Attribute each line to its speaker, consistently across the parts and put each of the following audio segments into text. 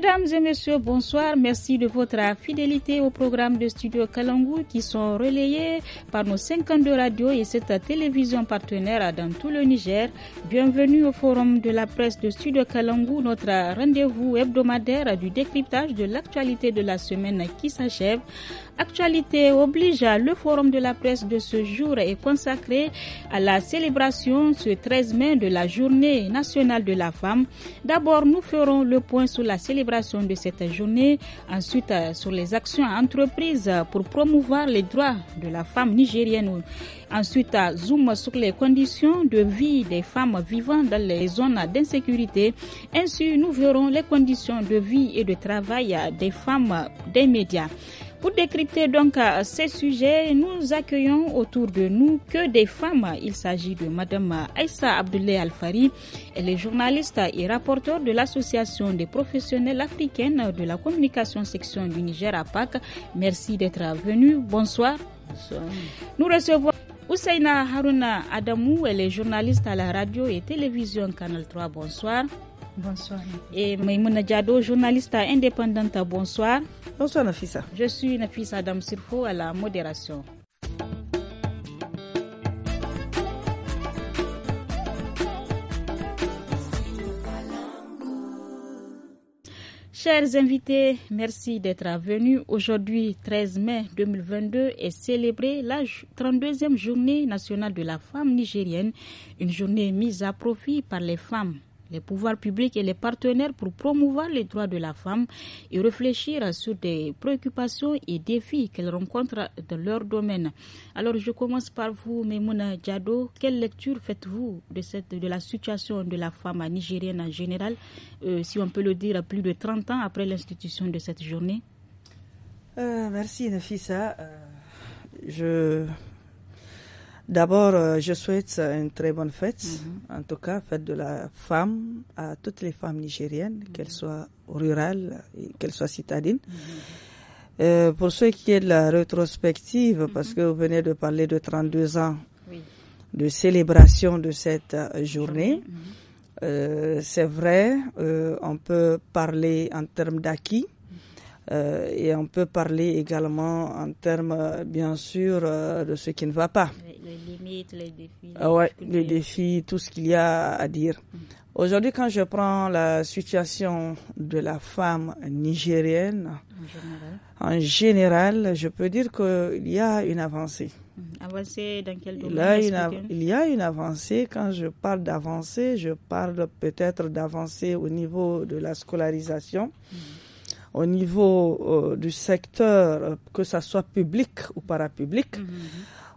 Speaker 1: Mesdames et messieurs, bonsoir. Merci de votre fidélité au programme de Studio Kalangou qui sont relayés par nos 52 radios et cette télévision partenaire dans tout le Niger. Bienvenue au Forum de la presse de Studio Kalangou, notre rendez-vous hebdomadaire du décryptage de l'actualité de la semaine qui s'achève. Actualité oblige, le forum de la presse de ce jour est consacré à la célébration ce 13 mai de la journée nationale de la femme. D'abord, nous ferons le point sur la célébration de cette journée, ensuite euh, sur les actions entreprises pour promouvoir les droits de la femme nigérienne. Ensuite, euh, zoom sur les conditions de vie des femmes vivant dans les zones d'insécurité. Ainsi, nous verrons les conditions de vie et de travail des femmes des médias. Pour décrypter donc euh, ces sujets, nous accueillons autour de nous que des femmes. Il s'agit de Madame Aïssa Abdoulaye Alfari. Elle est journaliste et rapporteur de l'Association des professionnels africaines de la communication section du Niger à Pâques. Merci d'être venue. Bonsoir. Nous recevons Ousseina Haruna Adamou. Elle est journaliste à la radio et télévision Canal 3. Bonsoir. Bonsoir. Et Maïmouna Diado, journaliste indépendante, bonsoir. Bonsoir Nafisa. Je suis Nafisa Adam Sirfo à la modération. Chers invités, merci d'être venus. Aujourd'hui, 13 mai 2022, et célébrer la 32e journée nationale de la femme nigérienne, une journée mise à profit par les femmes les pouvoirs publics et les partenaires pour promouvoir les droits de la femme et réfléchir sur des préoccupations et défis qu'elles rencontrent dans leur domaine. Alors je commence par vous, Memouna Diado. Quelle lecture faites-vous de, la situation de la femme nigérienne en général, euh, si on peut le dire, plus de 30 ans après l'institution de cette journée
Speaker 2: euh, Merci, Nafisa. Euh, je D'abord, euh, je souhaite euh, une très bonne fête, mhm. en tout cas, fête de la femme à toutes les femmes nigériennes, mhm. qu'elles soient rurales, qu'elles soient citadines. Mhm. Euh, pour ce qui est de la rétrospective, parce que vous venez de parler de 32 ans de célébration de cette journée, c'est vrai, on peut parler en termes d'acquis euh, et on peut parler également en termes, bien sûr, euh, de ce qui ne va pas. Les, limites, les défis. Les, ah ouais, les défis, tout ce qu'il y a à dire. Mm. Aujourd'hui, quand je prends la situation de la femme nigérienne, en général, je peux dire qu'il y a une avancée. Mm.
Speaker 1: Avancée dans quel domaine il y, a une,
Speaker 2: il y a une avancée. Quand je parle d'avancée, je parle peut-être d'avancée au niveau de la scolarisation. Mm au niveau euh, du secteur, euh, que ça soit public ou parapublic. Mhm, mhm.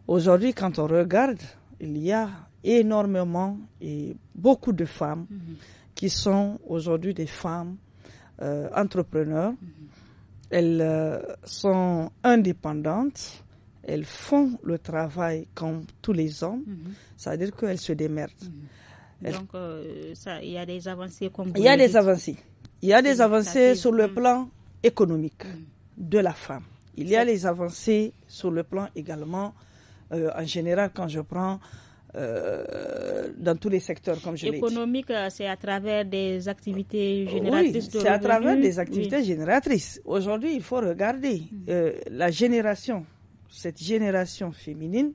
Speaker 2: Aujourd'hui, quand on regarde, il y a énormément et beaucoup de femmes mhm. qui sont aujourd'hui des femmes euh, entrepreneurs. Elles sont indépendantes. Elles font le travail comme tous les hommes. C'est-à-dire qu'elles se démerdent.
Speaker 1: Donc, il y a des avancées comme Il y a des
Speaker 2: avancées. Il y a des avancées sur le mm. plan économique mm. de la femme. Il y a les avancées sur le plan également, euh, en général, quand je prends euh, dans tous les secteurs, comme je l'ai dit.
Speaker 1: Économique, euh, c'est à travers des activités génératrices oui, c'est à travers des activités
Speaker 2: génératrices. Aujourd'hui, il faut regarder mm. la génération, cette génération féminine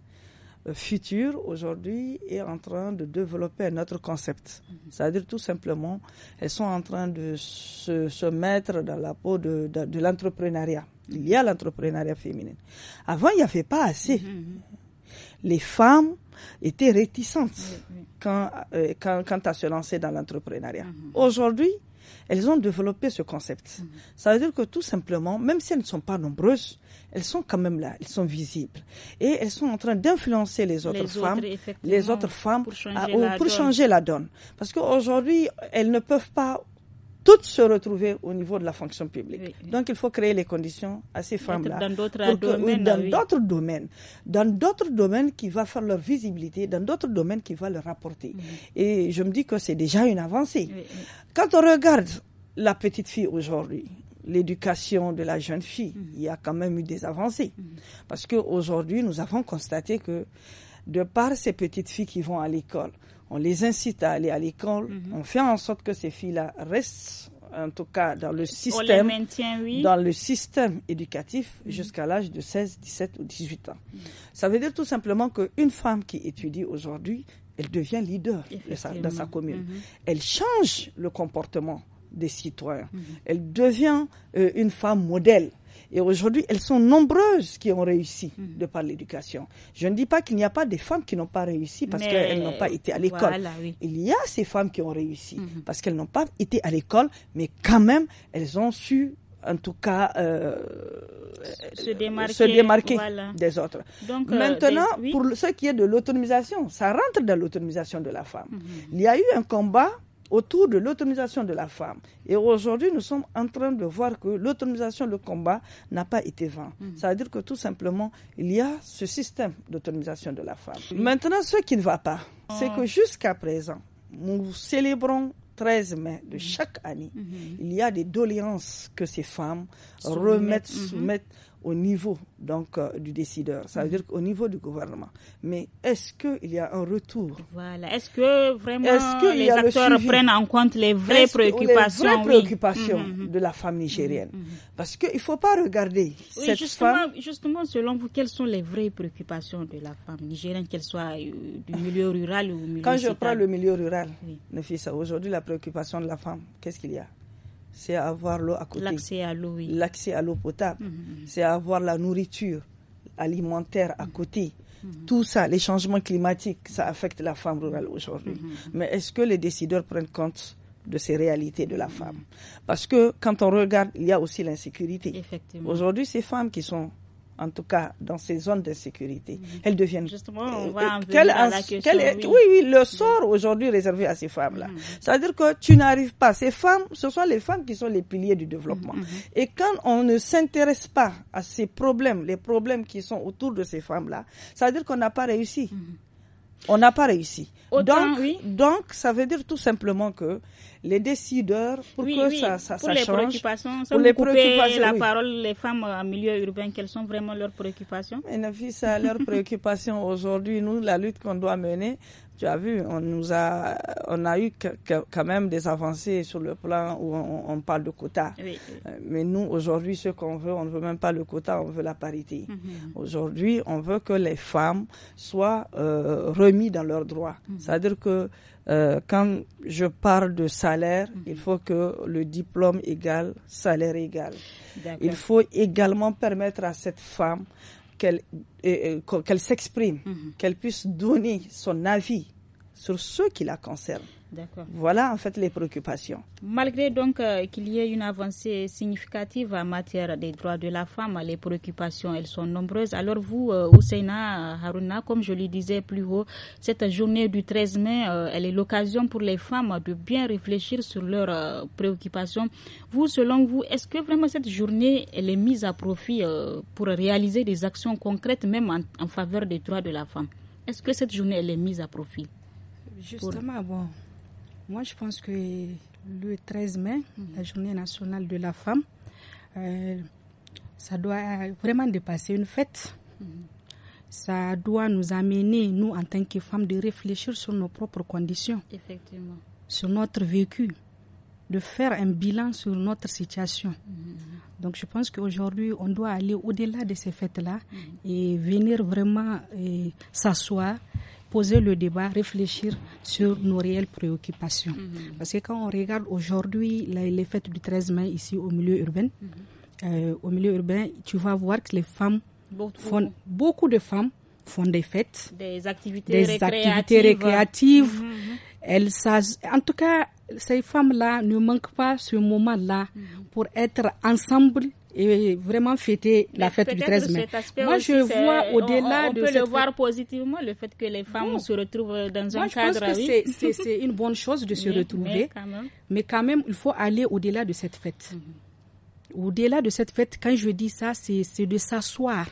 Speaker 2: euh, futur aujourd'hui est en train de développer un autre concept. Mhm. C'est-à-dire tout simplement, elles sont en train de se, mettre dans la peau de, de, l'entrepreneuriat. Il y a l'entrepreneuriat féminin. Avant, il n'y avait pas assez. Mhm, mhm. Les femmes étaient réticentes euh, quand, quand, quand à se lancer dans l'entrepreneuriat. Aujourd'hui, elles ont développé ce concept. Mhm. Ça veut dire que tout simplement, même si elles ne sont pas nombreuses, elles sont quand même là, elles sont visibles. Et elles sont en train d'influencer les autres femmes, les autres femmes pour changer la donne. Parce qu'aujourd'hui, elles ne peuvent pas toutes se retrouver au niveau de la fonction publique. Donc il faut créer les conditions à ces femmes-là. Dans d'autres domaines. Dans d'autres domaines. Dans d'autres domaines qui va faire leur visibilité, dans d'autres domaines qui va leur apporter. Et je me dis que c'est déjà une avancée. Quand on regarde la petite fille aujourd'hui, l'éducation de la jeune fille, mhm. il y a quand même eu des avancées. Mhm. Parce qu'aujourd'hui, nous avons constaté que de par ces petites filles qui vont à l'école, on les incite à aller à l'école, mhm. on fait en sorte que ces filles-là restent en tout cas dans le système, dans le système éducatif mhm. jusqu'à l'âge de 16, 17 ou 18 ans. Mhm. Ça veut dire tout simplement qu'une femme qui étudie aujourd'hui, elle devient leader dans sa commune. Elle change le comportement des citoyens. Elle devient euh, une femme modèle. Et aujourd'hui, elles sont nombreuses qui ont réussi mm. de par l'éducation. Je ne dis pas qu'il n'y a pas des femmes qui n'ont pas réussi parce qu'elles n'ont pas été à l'école. Il y a ces femmes qui ont réussi mm-hmm. parce qu'elles n'ont pas été à l'école, mais quand même, elles ont su en tout cas euh,
Speaker 1: se démarquer, des
Speaker 2: autres. Donc, euh, Maintenant, pour ce qui est de l'autonomisation, ça rentre dans l'autonomisation de la femme. Mm-hmm. Il y a eu un combat autour de l'autonomisation de la femme. Et aujourd'hui, nous sommes en train de voir que l'autonomisation, le combat n'a pas été vain. Mhm. Ça veut dire que tout simplement, il y a ce système d'autonomisation de la femme. Maintenant, ce qui ne va pas, c'est que ah. jusqu'à présent, nous célébrons 13 mai de mhm. chaque année. Mhm. Il y a des doléances que ces femmes remettent, soumettent au niveau donc euh, du décideur, ça veut dire qu'au niveau du gouvernement. Mais est-ce qu'il y a un retour
Speaker 1: Voilà. Est-ce que vraiment les acteurs prennent en compte les vraies préoccupations, mhm, mhm. de la femme nigérienne mhm, Parce qu'il ne faut pas regarder cette justement, femme. Justement, selon vous, quelles sont les vraies préoccupations de la femme nigérienne, qu'elle soit euh, du milieu rural ou milieu Quand je prends le milieu rural,
Speaker 2: ça. aujourd'hui, la préoccupation de la femme, qu'est-ce qu'il y a c'est avoir l'eau à côté. L'accès à l'eau, L'accès à l'eau potable, mm, mm, mm. c'est avoir la nourriture alimentaire à côté. Tout ça, les changements climatiques, ça affecte la femme rurale aujourd'hui. Mais est-ce que les décideurs prennent compte de ces réalités de la femme Parce que quand on regarde, il y a aussi l'insécurité. Aujourd'hui, ces femmes qui sont en tout cas dans ces zones d'insécurité. Mhm. Elles deviennent.
Speaker 1: Justement,
Speaker 3: oui. oui.
Speaker 2: le sort aujourd'hui réservé à ces femmes-là. Ça mhm. C'est-à-dire que tu n'arrives pas. Ces femmes, ce sont les femmes qui sont les piliers du développement. Mhm. Et quand on ne s'intéresse pas à ces problèmes, les problèmes qui sont autour de ces femmes-là, ça veut dire qu'on n'a pas réussi. On n'a pas réussi. donc, donc, ça veut dire tout simplement que les décideurs, pour que ça, ça, pour les change, préoccupations, pour les préoccupations, la parole,
Speaker 1: les femmes en milieu urbain, quelles sont vraiment leurs préoccupations Et à leurs
Speaker 2: préoccupations aujourd'hui, nous, la lutte qu'on doit mener, tu as vu, on nous a, on a eu quand même des avancées sur le plan où on, parle de quotas. Euh, mais nous, aujourd'hui, ce qu'on veut, on ne veut même pas le quota, on veut la parité. Mhm. Aujourd'hui, on veut que les femmes soient euh, remises dans leurs droits. Mhm. C'est-à-dire que euh, quand je parle de salaire, mhm. il faut que le diplôme égale salaire égal. Il faut également permettre à cette femme qu'elle s'exprime, mhm. qu'elle puisse donner son avis sur ceux qui la concernent. Voilà en fait les préoccupations.
Speaker 1: Malgré donc euh, qu'il y ait une avancée significative en matière des droits de la femme, les préoccupations elles sont nombreuses. Alors vous, euh, Ousena Haruna, comme je le disais plus haut, cette journée du 13 mai, euh, elle est l'occasion pour les femmes de bien réfléchir sur leurs préoccupations. Vous, selon vous, est-ce que vraiment cette journée elle est mise à profit pour réaliser des actions concrètes même en, en faveur des droits de la femme Est-ce que cette journée elle est mise à profit
Speaker 4: Justement, bon, moi je pense que le 13 mai, mm. la journée nationale de la femme, euh, ça doit vraiment dépasser une fête. Mm-hmm. Ça doit nous amener, nous, en tant que femmes, de réfléchir sur nos propres conditions,
Speaker 1: Effectivement.
Speaker 4: sur notre vécu, de faire un bilan sur notre situation.
Speaker 3: Mm-hmm.
Speaker 4: Donc je pense qu'aujourd'hui, on doit aller au-delà de ces fêtes-là mm-hmm. et venir vraiment euh, s'asseoir poser le débat, réfléchir sur nos réelles préoccupations. Mhm. Parce que quand on regarde aujourd'hui les, fêtes du 13 mai ici au milieu urbain, mhm. euh, au milieu urbain, tu vas voir que les femmes beaucoup. font, beaucoup de femmes font des fêtes, des activités des récréatives. Activités mhm. en tout cas, ces femmes-là ne manquent pas ce moment-là pour être ensemble et vraiment fêter la fête du 13 mai. Moi, je vois au-delà de. On peut le voir
Speaker 1: positivement, le fait que les femmes se retrouvent dans Moi, un je Pense que c'est
Speaker 4: une bonne chose de se retrouver. Mais quand, même. il faut aller au-delà de cette fête. Mhm. Au-delà de cette fête, quand je dis ça, c'est de s'asseoir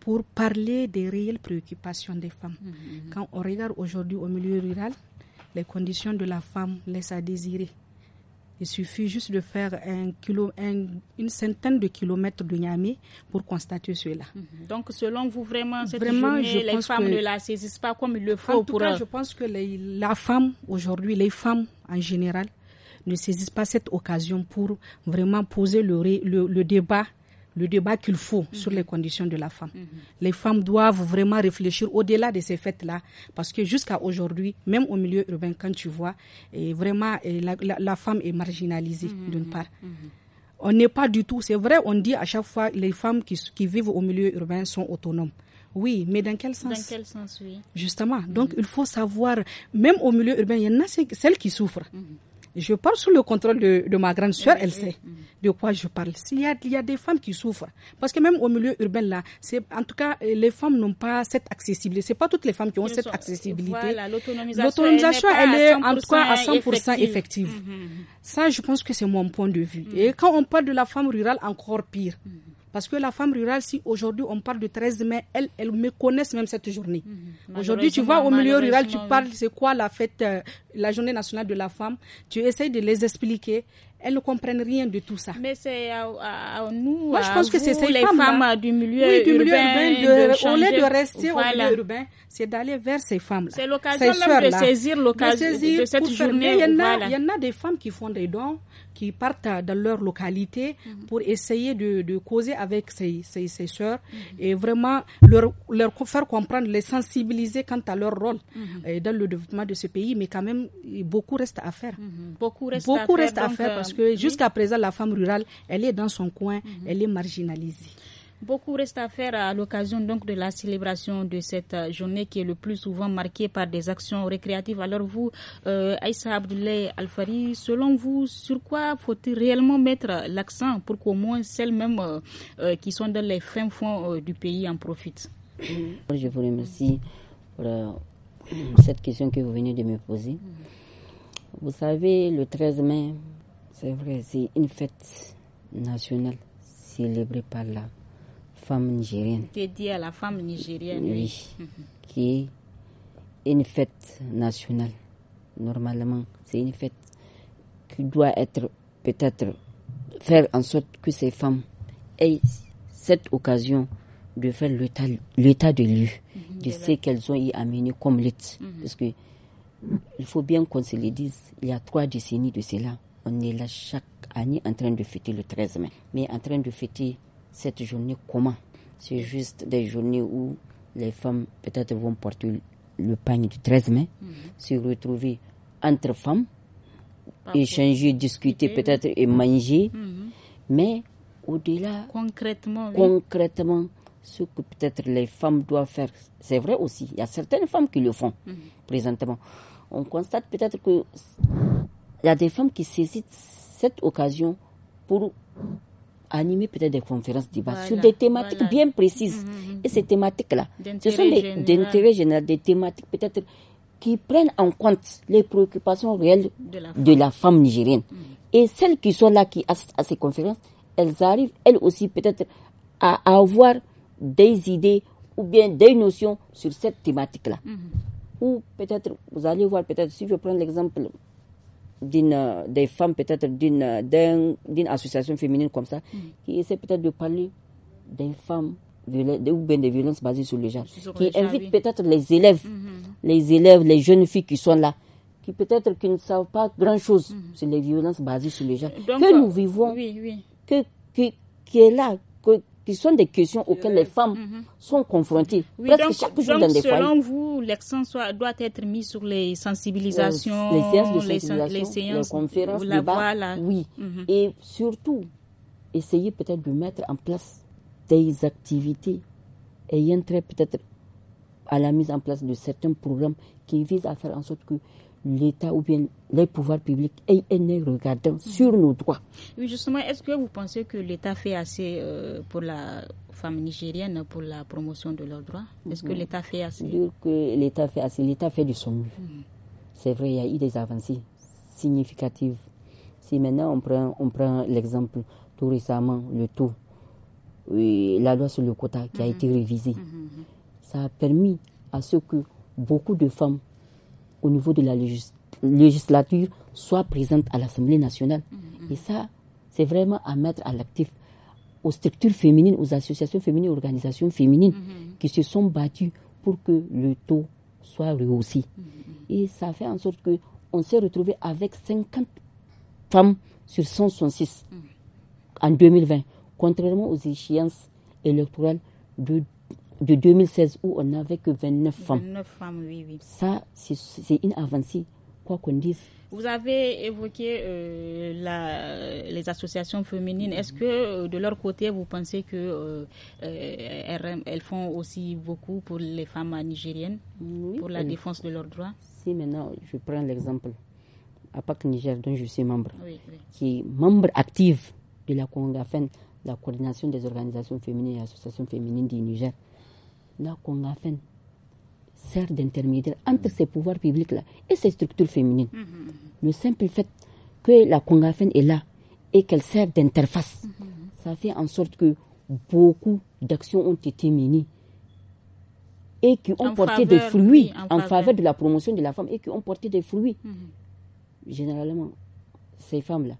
Speaker 4: pour parler des réelles préoccupations des femmes. Mhm, mhm. Quand on regarde aujourd'hui au milieu rural, les conditions de la femme laissent à désirer. Il suffit juste de faire un kilo, une centaine de kilomètres de Niamey pour constater cela. Mhm.
Speaker 1: Donc, selon vous, vraiment, cette vraiment, les femmes ne la saisissent pas comme il le faut en tout cas, je pense que
Speaker 4: la femme, aujourd'hui, les femmes en général, ne saisissent pas cette occasion pour vraiment poser le débat le débat qu'il faut sur mhm. les conditions de la femme. Mhm. Les femmes doivent vraiment réfléchir au-delà de ces fêtes-là, parce que jusqu'à aujourd'hui, même au milieu urbain, quand tu vois, et vraiment, la, femme est marginalisée mhm. d'une part. On n'est pas du tout, c'est vrai, on dit à chaque fois, les femmes qui, qui vivent au milieu urbain sont autonomes. Oui, mais dans quel sens Dans
Speaker 1: quel sens, oui.
Speaker 4: Justement, donc il faut savoir, même au milieu urbain, il y en a celles qui souffrent. Je parle sous le contrôle de, ma grande soeur, elle sait de quoi je parle. il y a des femmes qui souffrent, parce que même au milieu urbain, là, en tout cas, euh, les femmes n'ont pas cette accessibilité. C'est pas toutes les femmes qui ont cette accessibilité.
Speaker 1: l'autonomisation, elle, est, en tout cas à 100% effective.
Speaker 4: Mm-hmm. Ça, je pense que c'est mon point de vue. Mm. Et quand on parle de la femme rurale, encore pire. Mm. Parce que la femme rurale, si aujourd'hui on parle du 13 mai, elle, elle me connaissent même cette journée. Mhm. Aujourd'hui, tu vois au milieu rural, tu parles, c'est quoi la fête, euh, la journée nationale de la femme. Tu essayes de les expliquer. Elles ne comprennent rien de tout ça. Mais c'est à, nous,
Speaker 1: Moi, je pense que c'est les femmes, du milieu oui, du milieu urbain, de, rester au milieu urbain,
Speaker 4: c'est d'aller vers ces femmes-là. C'est l'occasion de saisir l'occasion de, cette journée. Il y, il y en a des femmes qui font des dons qui partent dans leur localité mhm. pour essayer de, causer avec ces, soeurs mhm. et vraiment leur, leur, faire comprendre, les sensibiliser quant à leur rôle mhm. euh, dans le développement de ce pays. Mais quand même, beaucoup reste à faire. Beaucoup reste, à, faire, parce euh, que jusqu'à présent, la femme rurale, elle est dans son coin, elle est marginalisée.
Speaker 1: Beaucoup reste à faire à l'occasion donc de la célébration de cette euh, journée qui est le plus souvent marquée par des actions récréatives. Alors vous, euh, Aïssa Abdoulaye Alfari, selon vous, sur quoi faut-il réellement mettre l'accent pour qu'au moins celles mêmes euh, qui sont dans les fins fonds du pays en profitent
Speaker 5: mm-hmm. Je vous remercie pour cette question que vous venez de me poser. Mm-hmm. Vous savez, le 13 mai, c'est vrai, c'est une fête nationale célébrée par la femme nigérienne. Dédiée
Speaker 1: à la femme nigérienne. Oui.
Speaker 5: Qui est une fête nationale. Normalement, c'est une fête qui doit être peut-être faire en sorte que ces femmes aient cette occasion de faire l'état de lieu mhm, de ce qu'elles ont y amené comme lutte. Mhm. Parce que il faut bien qu'on se le dise, il y a trois décennies de cela, on est là chaque année en train de fêter le 13 mai, mais en train de fêter cette journée comment C'est juste des journées où les femmes peut-être vont porter le panier du 13 mai, mhm. se retrouver entre femmes, échanger, discuter peut-être et manger. Mhm. Mais au-delà,
Speaker 1: concrètement,
Speaker 5: concrètement, ce que peut-être les femmes doivent faire, c'est vrai aussi, il y a certaines femmes qui le font mhm. présentement. On constate peut-être il y a des femmes qui saisissent cette occasion pour animer peut-être des conférences débats sur des thématiques bien précises. Mm-hmm, mm-hmm, mm-hmm. Et ces thématiques-là, ce sont des d'intérêt général, des thématiques peut-être qui prennent en compte les préoccupations réelles de la femme, nigérienne. Et celles qui sont là, qui assistent à ces conférences, elles arrivent, elles aussi, peut-être, à avoir des idées ou bien des notions sur cette thématique-là. Ou peut-être, vous allez voir, peut-être, si je prends l'exemple d'une des femmes peut-être d'une d'une association féminine comme ça mm. qui essaie peut-être de parler des femmes ou bien des violences basées sur le genre qui invite peut-être les élèves mm-hmm. les élèves les jeunes filles qui sont là qui peut-être qui ne savent pas grand chose mm-hmm. sur les violences basées sur le genre que nous vivons que qui est là qui sont des questions auxquelles les femmes mhm. sont confrontées oui, presque chaque jour selon
Speaker 1: vous, l'accent doit être mis sur les sensibilisations, les, séances de les, conférences, la
Speaker 5: oui. Mhm. Et surtout, essayer peut-être de mettre en place des activités ayant trait peut-être à la mise en place de certains programmes qui visent à faire en sorte que l'État ou bien les pouvoirs publics aient un regard mm. sur nos droits.
Speaker 1: Oui, justement, est-ce que vous pensez que l'État fait assez euh, pour la femme nigérienne pour la promotion de leurs droits Est-ce que mm. l'État fait assez
Speaker 5: que l'État fait assez, l'État fait du son mm. C'est vrai, il y a eu des avancées significatives. Si maintenant on prend, on prend l'exemple tout récemment, le taux, la loi sur le quota qui a mm-hmm. été révisée, mm-hmm. ça a permis à ce que beaucoup de femmes au niveau de la législature soit présente à l'Assemblée nationale. Mm, mm. Et ça, c'est vraiment à mettre à l'actif aux structures féminines, aux associations féminines, aux organisations féminines mm, qui se sont battues pour que le taux soit rehaussé. Et ça fait en sorte que on s'est retrouvé avec 50 femmes sur 166 en 2020, contrairement aux échéances électorales de de 2016 où on n'avait que 29 femmes. 29 femmes,
Speaker 1: oui, Ça,
Speaker 5: c'est une avancée, quoi qu'on dise.
Speaker 1: Vous avez évoqué euh, la, les associations féminines. Est-ce que euh, de leur côté, vous pensez que euh, elles, font aussi beaucoup pour les femmes nigériennes, pour la défense de leurs droits
Speaker 5: Si maintenant, je prends l'exemple à Niger, dont je suis membre, qui est membre active de la CONGAFEN, la coordination des organisations féminines et associations féminines du Niger. La congafène sert d'intermédiaire entre ces pouvoirs publics-là et ces structures féminines. Mm-hmm. Le simple fait que la Congafen est là et qu'elle sert d'interface, mm-hmm. ça fait en sorte que beaucoup d'actions ont été menées et qui ont porté des fruits en, faveur. de la promotion de la femme et qui ont porté des fruits. Mm-hmm. Généralement, ces femmes-là,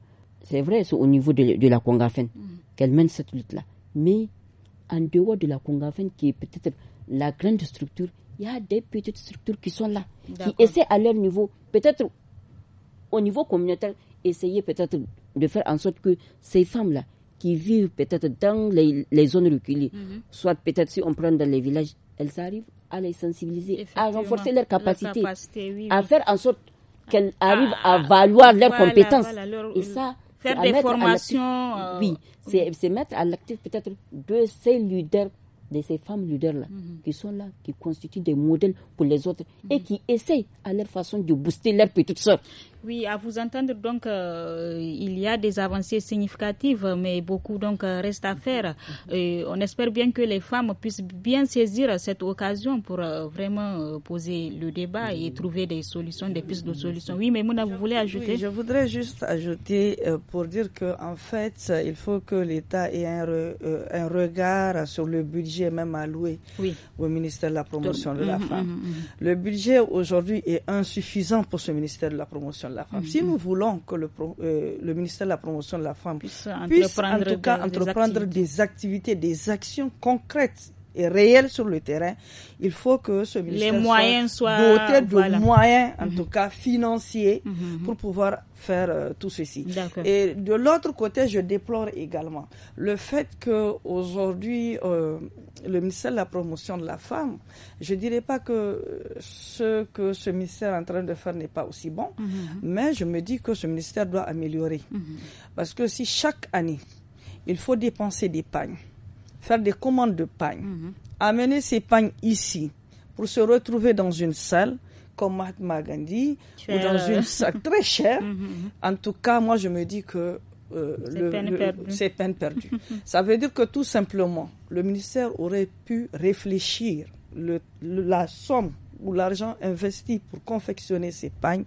Speaker 5: c'est vrai, c'est au niveau de, la Congafen qu'elles mènent cette lutte-là. Mais en dehors de la Congafen qui est peut-être la grande structure, il y a des petites structures qui sont là, qui essaient à leur niveau, peut-être au niveau communautaire, essayer peut-être de faire en sorte que ces femmes-là, qui vivent peut-être dans les, zones reculées, mhm. soit peut-être si on prend dans les villages, elles arrivent à les sensibiliser, à renforcer leur capacité, à faire en sorte qu'elles ah, arrivent à ah, valoir leurs compétences. Et ça, faire des formations. Euh, oui, c'est mettre à l'actif peut-être de ces leaders de ces femmes leaders-là, mhm. qui sont là, qui constituent des modèles pour les autres et qui essayent à leur façon de booster leur petites soeur. Oui, à vous entendre,
Speaker 1: donc, euh, il y a des avancées significatives, mais beaucoup donc reste à faire. on espère bien que les femmes puissent bien saisir cette occasion pour euh, vraiment euh, poser le débat et trouver des solutions, des pistes de solutions. Oui, mais Mouna, vous voulez ajouter Je voudrais
Speaker 2: juste ajouter pour dire que en fait, il faut que l'État ait un, regard sur le budget même alloué au ministère de la promotion de, la hum, hum, femme. Hum, le budget aujourd'hui est insuffisant pour ce ministère de la promotion Mm-hmm. Si nous voulons que le, euh, le, ministère de la promotion de la femme puisse, en tout cas entreprendre des activités, des actions concrètes et réel sur le terrain, il faut que ce ministère les soit doté de moyens, en mhm. tout cas financiers, mhm. pour pouvoir faire euh, tout ceci. Et de l'autre côté, je déplore également le fait que aujourd'hui euh, le ministère de la promotion de la femme, je ne dirais pas que ce que ce ministère est en train de faire n'est pas aussi bon, mhm. mais je me dis que ce ministère doit améliorer parce que si chaque année il faut dépenser des pagnes faire des commandes de pagnes, mhm. amener ces pagnes ici pour se retrouver dans une salle comme Mahatma Gandhi ou dans une salle très chère. Mhm, mhm. En tout cas, moi, je me dis que euh, c'est peine, perdue. Ça veut dire que tout simplement, le ministère aurait pu réfléchir la somme ou l'argent investi pour confectionner ces pagnes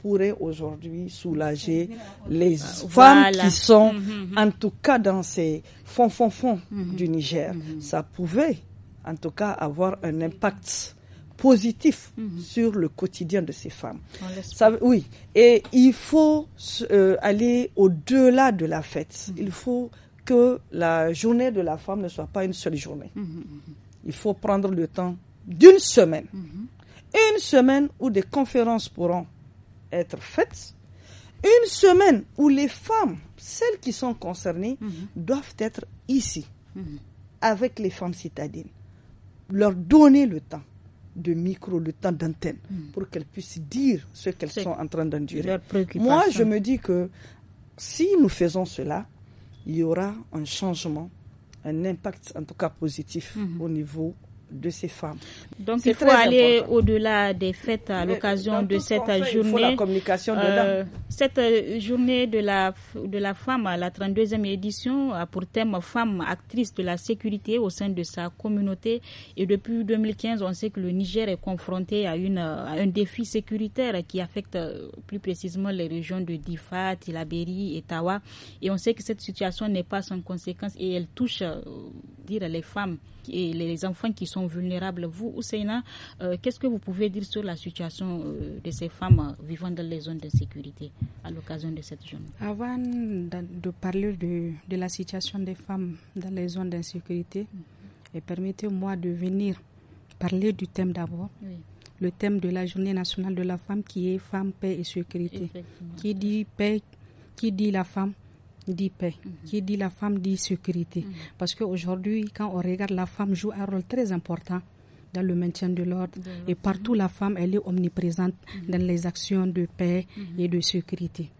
Speaker 2: pourrait aujourd'hui soulager les femmes qui mhm, sont, mhm. en tout cas, dans ces fonds, fonds, fonds mhm. du Niger. Ça pouvait, en tout cas, avoir un impact positif sur le quotidien de ces femmes. Ça, oui, et il faut euh, aller au-delà de la fête. Il faut que la journée de la femme ne soit pas une seule journée. Il faut prendre le temps d'une semaine. Une semaine où des conférences pourront être faites, une semaine où les femmes, celles qui sont concernées, mhm. doivent être ici, mhm. avec les femmes citadines, leur donner le temps de micro, le temps d'antenne, mhm. pour qu'elles puissent dire ce qu'elles sont en train d'endurer. Moi, je me dis que si nous faisons cela, il y aura un changement, un impact en tout cas positif au niveau de ces femmes.
Speaker 1: Donc il faut aller au-delà des fêtes à l'occasion de cette journée. Euh, cette euh, journée de la, de la femme, la 32e édition, a pour thème femme actrice de la sécurité au sein de sa communauté. Et depuis 2015, on sait que le Niger est confronté à, une, un défi sécuritaire qui affecte euh, plus précisément les régions de Difa, Tilaberi et Tawa. Et on sait que cette situation n'est pas sans conséquence et elle touche dire, les femmes et les enfants qui sont vulnérables. Vous, Ousseina, euh, qu'est-ce que vous pouvez dire sur la situation euh, de ces femmes euh, vivant dans les zones d'insécurité à l'occasion de cette journée
Speaker 4: Avant de parler de, la situation des femmes dans les zones d'insécurité, mhm. permettez-moi de venir parler du thème d'abord. Le thème de la journée nationale de la femme qui est femme, paix et sécurité. Qui dit paix, qui dit la femme, dit paix, qui mhm. dit la femme dit sécurité. Mhm. Parce qu'aujourd'hui, quand on regarde, la femme joue un rôle très important dans le maintien de l'ordre. Et partout, la femme, elle est omniprésente mhm. dans les actions de paix et de sécurité.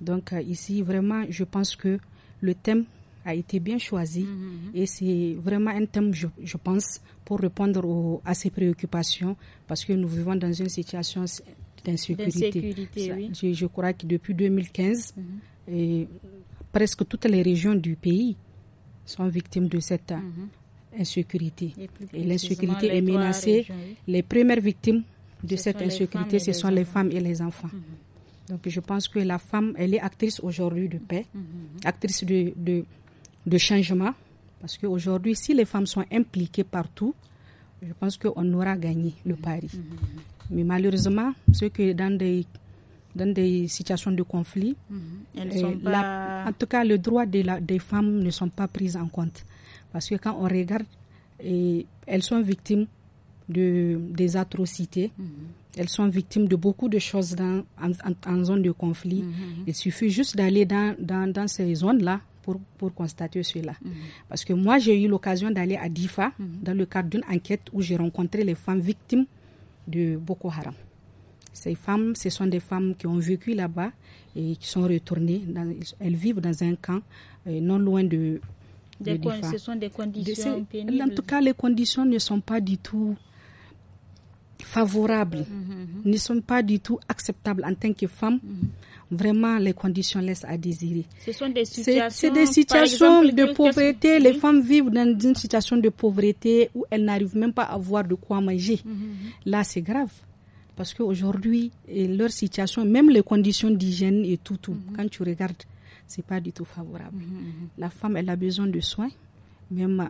Speaker 4: Donc euh, ici, vraiment, je pense que le thème a été bien choisi et c'est vraiment un thème, je, pense, pour répondre aux, à ces préoccupations parce que nous vivons dans une situation d'insécurité. Je, crois que depuis 2015, et presque toutes les régions du pays sont victimes de cette mm-hmm. insécurité. Et, l'insécurité est menacée. Les premières victimes de cette insécurité, ce sont les femmes et les enfants. Mm-hmm. Donc je pense que la femme, elle est actrice aujourd'hui de paix, mm-hmm. actrice de, changement. Parce qu'aujourd'hui, si les femmes sont impliquées partout, je pense qu'on aura gagné le pari. Mais malheureusement, ce que dans des dans des situations de conflit.
Speaker 1: Mhm.
Speaker 4: en tout cas, le droit des femmes ne sont pas prises en compte. Parce que quand on regarde, elles sont victimes de, des atrocités. Mhm. Elles sont victimes de beaucoup de choses dans, en, zone de conflit. Mhm, Il suffit juste d'aller dans, dans, ces zones-là pour, pour, constater cela. Parce que moi, j'ai eu l'occasion d'aller à Difa dans le cadre d'une enquête où j'ai rencontré les femmes victimes de Boko Haram. Ces femmes, ce sont des femmes qui ont vécu là-bas et qui sont retournées. elles vivent dans un camp euh, non loin de. Des ce sont des
Speaker 1: conditions En tout
Speaker 4: cas, les conditions ne sont pas du tout favorables, mm-hmm, mm-hmm. ne sont pas du tout acceptables en tant que femme. Mm-hmm. Vraiment, les conditions laissent à désirer.
Speaker 1: Ce sont des situations, de
Speaker 4: pauvreté. Les femmes vivent dans une situation de pauvreté où elles n'arrivent même pas à avoir de quoi manger. Là, c'est grave. Parce qu'aujourd'hui, leur situation, même les conditions d'hygiène et tout, mhm. quand tu regardes, ce n'est pas du tout favorable. Mhm, mhm. La femme, elle a besoin de soins. Même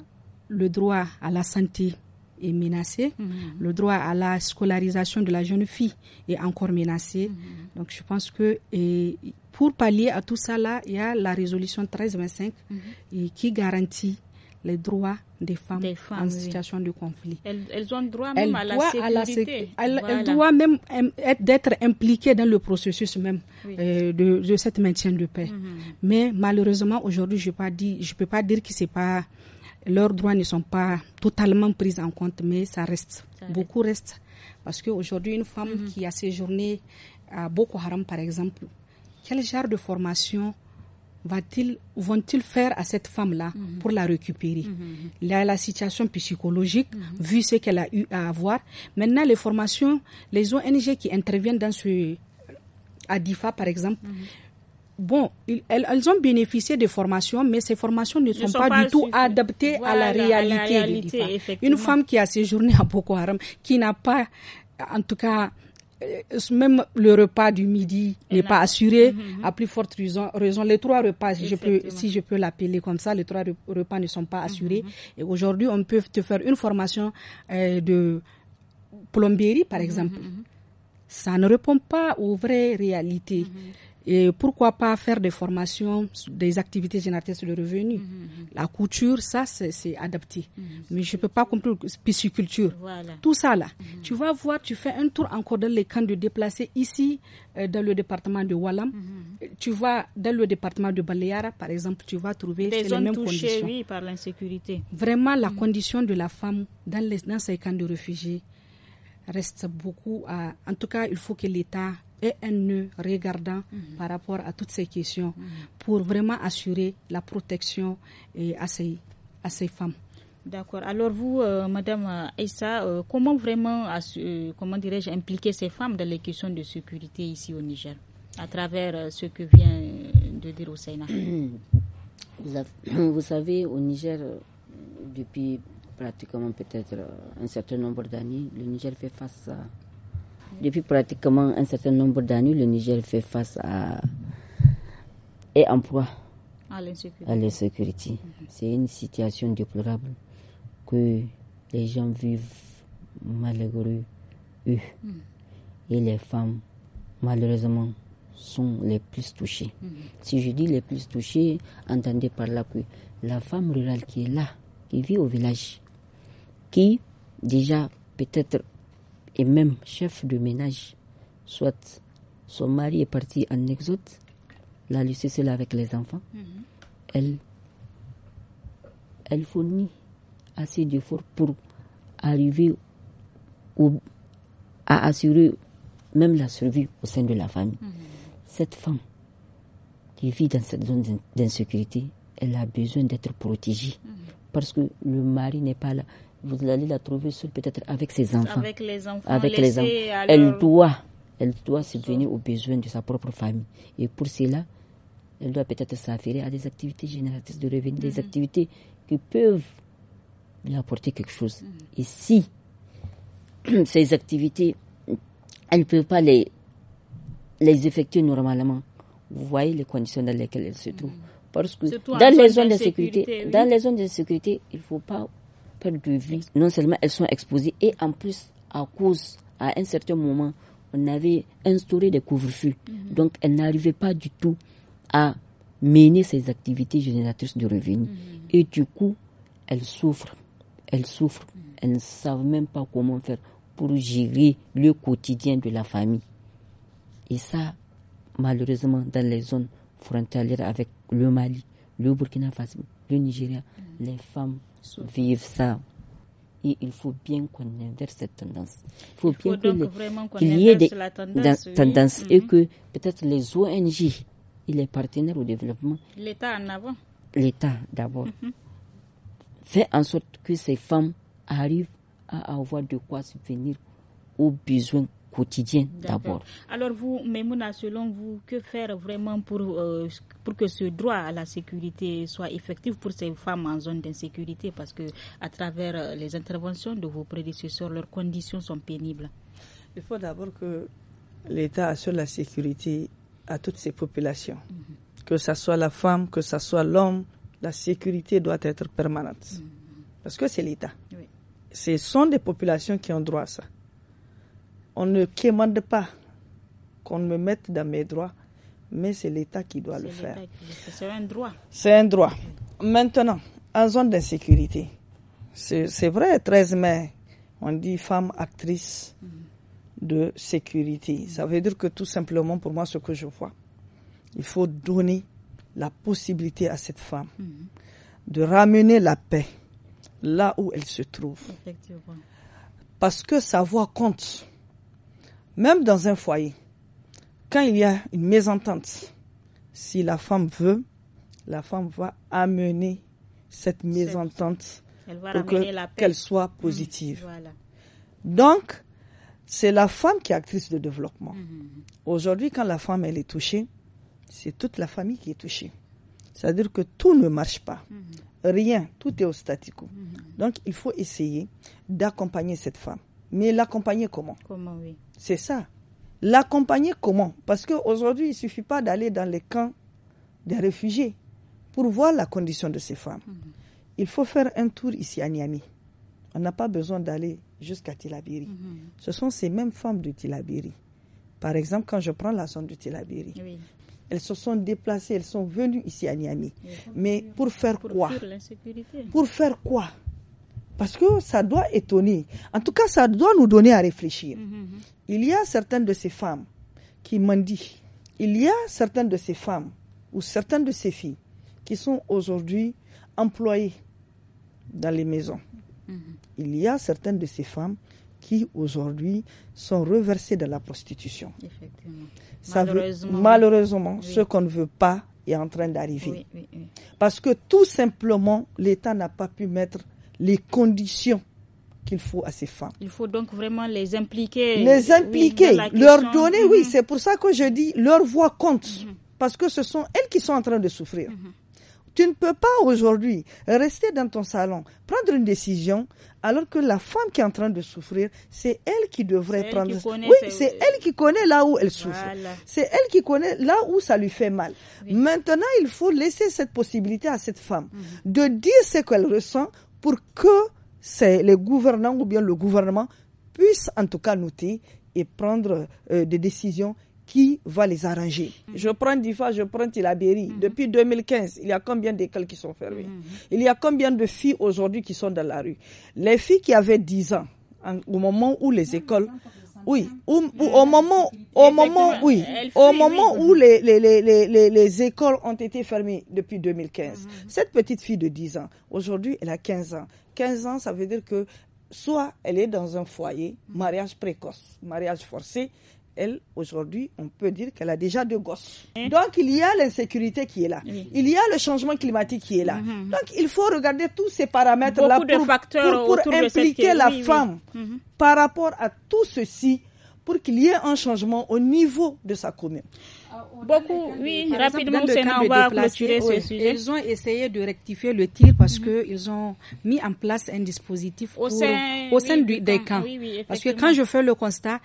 Speaker 4: le droit à la santé est menacé. Le droit à la scolarisation de la jeune fille est encore menacé. Donc, je pense que pour pallier à tout ça, là, il y a la résolution 1325 qui garantit les droits des femmes, en situation de conflit.
Speaker 1: Elles, ont droit même à, la sécurité. Elles, doivent
Speaker 4: même d'être impliquées dans le processus même euh, de, cette maintien de paix. Mhm. Mais malheureusement, aujourd'hui, je ne peux pas dire que c'est pas leurs droits ne sont pas totalement pris en compte, mais ça reste. beaucoup reste. Parce qu'aujourd'hui, une femme mhm. qui a séjourné à Boko Haram, par exemple, quel genre de formation va-t-il, vont-ils faire à cette femme-là mhm. pour la récupérer mhm, mhm. la situation psychologique, vu ce qu'elle a eu à avoir. Maintenant, les formations, les ONG qui interviennent dans ce... ADIFA, par exemple, bon, elles, ont bénéficié de formations, mais ces formations ne, sont, pas, du tout adaptées à la réalité. À la réalité Une femme qui a séjourné à Boko Haram, qui n'a pas, en tout cas, euh, même le repas du midi n'est pas assuré, mhm, mhm. à plus forte raison, les trois repas, si je, peux, si je peux l'appeler comme ça, les trois repas ne sont pas mhm, assurés. Et aujourd'hui, on peut te faire une formation euh, de plomberie, par exemple. Ça ne répond pas aux vraies réalités. Et pourquoi pas faire des formations, des activités génératrices de revenus. revenu mhm, mhm. La couture, ça, c'est adapté. Mhm, Mais je ne peux pas comprendre pisciculture. Tout ça, là. Tu vas voir, tu fais un tour encore dans les camps de déplacés ici, euh, dans le département de Wallam. Euh, tu vas dans le département de Baleara, par exemple, tu vas trouver les, les mêmes touchées, conditions. Oui,
Speaker 1: par l'insécurité.
Speaker 4: Vraiment, la condition de la femme dans, les, dans ces camps de réfugiés reste beaucoup à... En tout cas, il faut que l'État et un nœud regardant mhm. par rapport à toutes ces questions pour vraiment assurer la protection et à, ces, à ces femmes.
Speaker 1: D'accord. Alors vous, Mme euh, Madame Aïssa, euh, comment vraiment euh, comment dirais-je impliquer ces femmes dans les questions de sécurité ici au Niger à travers ce que vient de dire Hosseina
Speaker 5: vous, vous, savez, au Niger, depuis pratiquement peut-être un certain nombre d'années, le Niger fait face à depuis pratiquement un certain nombre d'années, le Niger fait face à et emploi à l'insécurité. C'est une situation déplorable que les gens vivent malheureux, eux, mm. et les femmes, malheureusement, sont les plus touchées. Mm. Si je dis les plus touchées, entendez par là que la femme rurale qui est là, qui vit au village, qui déjà peut-être et même chef de ménage, soit son mari est parti en exode, la laisser seule avec les enfants, mhm. elle, elle fournit assez d'efforts pour arriver à assurer même la survie au sein de la famille. Mhm. Cette femme qui vit dans cette zone d'insécurité, elle a besoin d'être protégée mhm. parce que le mari n'est pas là vous allez la trouver seule peut-être avec ses enfants. Avec les enfants. Elle doit, elle doit subvenir aux besoins de sa propre famille. Et pour cela, elle doit peut-être s'affairer à des activités génératrices de revenus, des mhm. activités qui peuvent lui apporter quelque chose. Mhm. Et si ces activités, elle ne peut pas les, les effectuer normalement, vous voyez les conditions dans lesquelles elle se trouve. Mhm. Parce que dans les, zones de sécurité, dans les zones de sécurité, il ne faut pas de vie. non seulement elles sont exposées, et en plus, à cause, à un certain moment, on avait instauré des couvre-feux. Mhm. Donc, elles n'arrivaient pas du tout à mener ces activités génératrices de revenus. Mhm. Et du coup, elles souffrent. Elles souffrent. Mhm. Elles ne savent même pas comment faire pour gérer le quotidien de la famille. Et ça, malheureusement, dans les zones frontalières avec le Mali, le Burkina Faso, le Nigeria, les femmes Vivre ça. Et il faut bien connaître cette tendance. Il faut, bien qu'il y ait des tendances tendance et mhm. que peut-être les ONG et les partenaires au développement.
Speaker 1: L'État en avant.
Speaker 5: L'État d'abord. Mhm. Fait en sorte que ces femmes arrivent à avoir de quoi subvenir aux besoins quotidien d'abord.
Speaker 1: Alors vous, Memouna, selon vous, que faire vraiment pour, euh, pour que ce droit à la sécurité soit effectif pour ces femmes en zone d'insécurité Parce que à travers euh, les interventions de vos prédécesseurs, leurs conditions sont pénibles.
Speaker 2: Il faut d'abord que l'État assure la sécurité à toutes ces populations. Mhm. Que ce soit la femme, que ce soit l'homme, la sécurité doit être permanente. Mhm. Parce que c'est l'État. Ce sont des populations qui ont droit à ça. On ne quémande pas qu'on me mette dans mes droits, mais c'est l'État qui doit le faire. C'est un droit. C'est un droit. Maintenant, en zone d'insécurité, c'est vrai, 13 mai, on dit femme actrice de sécurité. Ça veut dire que tout simplement, pour moi, ce que je vois, il faut donner la possibilité à cette femme de ramener la paix là où elle se trouve. Parce que sa voix compte. Même dans un foyer, quand il y a une mésentente, si la femme veut, la femme va amener cette mésentente
Speaker 4: pour qu'elle soit mmh. positive.
Speaker 2: Donc, c'est la femme qui est actrice de développement. Mmh, mmh, Aujourd'hui, quand la femme elle est touchée, c'est toute la famille qui est touchée. C'est-à-dire que tout ne marche pas. Rien, tout est au Donc, il faut essayer d'accompagner cette femme. Mais l'accompagner comment Comment, oui. C'est ça. L'accompagner comment Parce qu'aujourd'hui, il ne suffit pas d'aller dans les camps des réfugiés pour voir la condition de ces femmes. Mhm. Il faut faire un tour ici à Niamey. On n'a pas besoin d'aller jusqu'à Tilabiri. Mhm. Ce sont ces mêmes femmes de Tilabiri. Par exemple, quand je prends la zone de Tilabiri, elles se sont déplacées, elles sont venues ici à Niamey. Mais pour faire quoi Pour faire quoi parce que ça doit étonner. En tout cas, ça doit nous donner à réfléchir. Mhm, mhm. Il y a certaines de ces femmes qui m'ont dit, Il y a certaines de ces femmes ou certaines de ces filles qui sont aujourd'hui employées dans les maisons. Mhm. Il y a certaines de ces femmes qui aujourd'hui sont reversées dans la prostitution. Effectivement. malheureusement, ce qu'on ne veut pas est en train d'arriver. Parce que tout simplement, l'État n'a pas pu mettre les conditions qu'il faut à ces femmes.
Speaker 1: Il faut donc vraiment les impliquer. Les impliquer, leur donner, oui, mhm. c'est
Speaker 2: pour ça que je dis, leur voix compte, mhm. parce que ce sont elles qui sont en train de souffrir. Mhm. Tu ne peux pas aujourd'hui rester dans ton salon, prendre une décision, alors que la femme qui est en train de souffrir, c'est elle qui devrait prendre. oui, c'est elle qui connaît là où elle souffre. C'est elle qui connaît là où ça lui fait mal. Maintenant, il faut laisser cette possibilité à cette femme de dire ce qu'elle ressent pour que les gouvernants ou bien le gouvernement puissent en tout cas noter et prendre euh, des décisions qui va les arranger. Mm-hmm. Je prends Difa, je prends Tilaberi. Mm-hmm. Depuis 2015, il y a combien d'écoles qui sont fermées mm-hmm. Il y a combien de filles aujourd'hui qui sont dans la rue Les filles qui avaient 10 ans, au moment où les écoles oui, mm. au, moment, au moment, oui, au moment où les, les, les, les, écoles ont été fermées depuis 2015, mm, mm. cette petite fille de 10 ans, aujourd'hui, elle a 15 ans. 15 ans, ça veut dire que soit elle est dans un foyer, mariage précoce, mariage forcé, elle, aujourd'hui, on peut dire qu'elle a déjà deux gosses. Donc, il y a l'insécurité qui est là. Il y a le changement climatique qui est là. Mhm. Donc, il faut regarder tous ces paramètres-là pour, impliquer la femme mhm. par rapport à tout ceci pour qu'il y ait un changement au niveau de sa commune
Speaker 1: beaucoup, oui,
Speaker 4: rapidement, on va ce sujet. Ils ont essayé de rectifier le tir parce qu'ils mhm. que ils ont mis en place un dispositif au sein, du, des camps. parce que quand je fais le constat,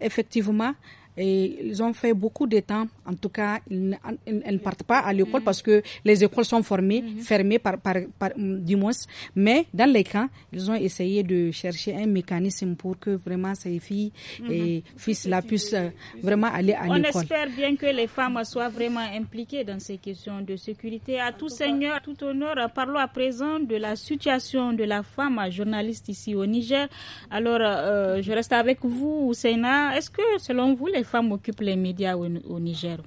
Speaker 4: effectivement, et ils ont fait beaucoup de temps. En tout cas, ils, ne partent pas à l'école parce que les écoles sont formées, mhm. fermées par, du moins. Mais dans les camps, ils ont essayé de chercher un mécanisme pour que vraiment ces filles mhm. et fils là euh, puissent vraiment aller à l'école. On espère
Speaker 1: bien que les femmes soient vraiment impliquées dans ces questions de sécurité. À tout seigneur, à tout honneur, parlons à présent de la situation de la femme journaliste ici au Niger. Alors, euh, je reste avec vous, Sénat. Est-ce que selon vous, les les femmes occupent les médias au, Niger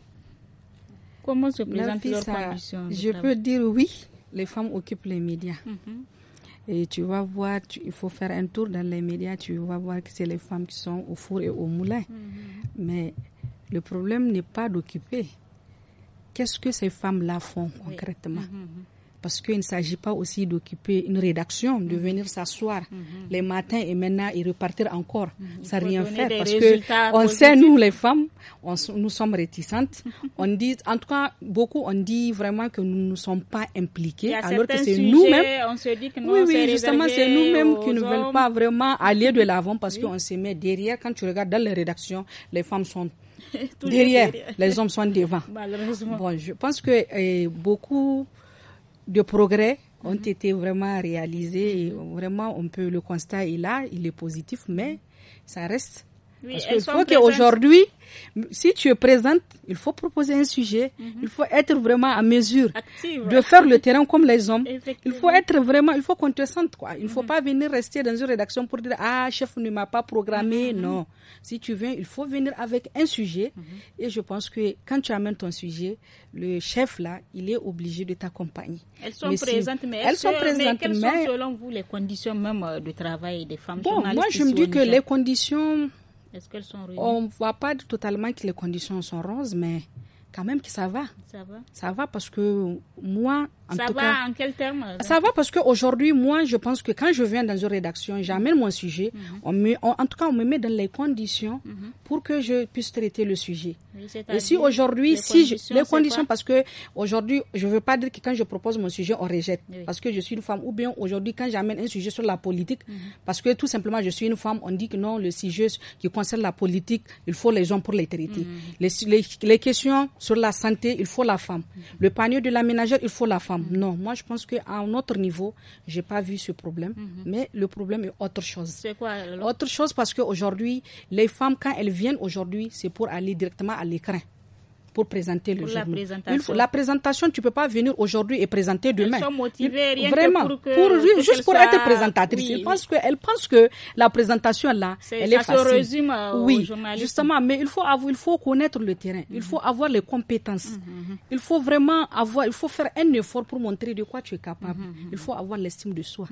Speaker 4: Comment se présente leur condition Je peux dire oui, les femmes occupent les médias. Mhm. Et tu vas voir, il faut faire un tour dans les médias, tu vas voir que c'est les femmes qui sont au four et au moulin. Mhm. Mais le problème n'est pas d'occuper. Qu'est-ce que ces femmes-là font concrètement mhm, parce qu'il ne s'agit pas aussi d'occuper une rédaction, de venir s'asseoir mhm. les matins et maintenant et repartir encore. Mm Ça rien faire parce que on sait, nous les femmes, nous sommes réticentes. on dit, en tout cas, beaucoup on dit vraiment que nous ne sommes pas impliqués alors que c'est nous-mêmes.
Speaker 1: On se dit que oui, oui, justement, c'est nous-mêmes qui ne veulent pas
Speaker 4: vraiment aller de l'avant parce qu'on se met derrière. Quand tu regardes dans les rédactions, les femmes sont
Speaker 1: derrière, les
Speaker 4: hommes sont devant. Malheureusement. Bon, je pense que eh, beaucoup de progrès ont mhm. été vraiment réalisés. Et vraiment, on peut, le constater est là, il est positif, mais ça reste il Parce qu'il faut qu'aujourd'hui, si tu es présente, il faut proposer un sujet, mhm. il faut être vraiment à mesure de faire le terrain comme les hommes. Il faut être vraiment, il faut qu'on te sente quoi. Il ne faut mhm. pas venir rester dans une rédaction pour dire ah chef ne m'a pas programmé. Mhm. Non, si tu viens, il faut venir avec un sujet. Et je pense que quand tu amènes ton sujet, le chef là, il est obligé de t'accompagner. Elles sont présentes, mais elles, sont présentes. Mais quelles sont
Speaker 1: selon vous les conditions même euh, de travail des femmes bon, Moi, je me dis que les
Speaker 4: conditions est-ce qu'elles sont réunies On ne voit pas totalement que les conditions sont roses, mais quand même que ça va. Ça va. Ça va parce que moi, en ça va en
Speaker 1: quel terme euh, Ça
Speaker 4: va parce qu'aujourd'hui, moi, je pense que quand je viens dans une rédaction, j'amène mon sujet. Mhm. en tout cas, on me met dans les conditions mhm. pour que je puisse traiter le sujet.
Speaker 3: Et si aujourd'hui, si je, les conditions,
Speaker 4: parce que aujourd'hui, je ne veux pas dire que quand je propose mon sujet, on rejette, parce que je suis une femme. Ou bien aujourd'hui, quand j'amène un sujet sur la politique, mhm. parce que tout simplement, je suis une femme, on dit que non, le sujet qui concerne la politique, il faut les hommes pour les traiter. Les, les, les questions sur la santé, il faut la femme. Le panier de la ménagère, il faut la femme. Non, moi je pense qu'à un autre niveau, je n'ai pas vu ce problème. Mhm. Mais le problème est autre chose. C'est quoi Autre chose parce qu'aujourd'hui, les femmes, quand elles viennent aujourd'hui, c'est pour aller directement à l'écran pour présenter le pour journal. La présentation. la présentation, tu ne peux pas venir aujourd'hui et présenter demain. Vraiment, pour, juste pour être présentatrice. Pense que, elle pense que la présentation là, elle est facile. Se résume oui, justement, mais il faut avoir, il faut connaître le terrain, il faut mhm. avoir les compétences, mhm, mhm, il faut vraiment avoir, il faut faire un effort pour montrer de quoi tu es capable. Il faut avoir l'estime de soi,